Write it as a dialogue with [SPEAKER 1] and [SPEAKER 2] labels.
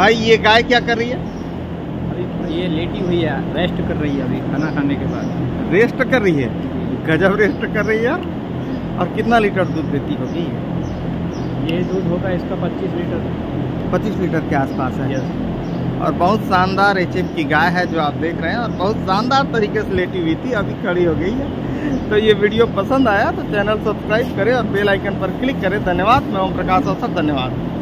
[SPEAKER 1] भाई ये गाय क्या कर रही है
[SPEAKER 2] अभी ये लेटी हुई है रेस्ट कर रही है अभी खाना खाने के बाद रेस्ट कर रही है गजब रेस्ट कर रही है और कितना लीटर दूध देती होगी ये दूध होगा इसका 25 लीटर 25 लीटर के आसपास है और बहुत शानदार एच की गाय है जो आप देख रहे हैं और बहुत शानदार तरीके से लेटी हुई थी अभी खड़ी हो गई है तो ये वीडियो पसंद आया तो चैनल सब्सक्राइब करें और बेल आइकन पर क्लिक करें धन्यवाद मैं ओम प्रकाश अवसर धन्यवाद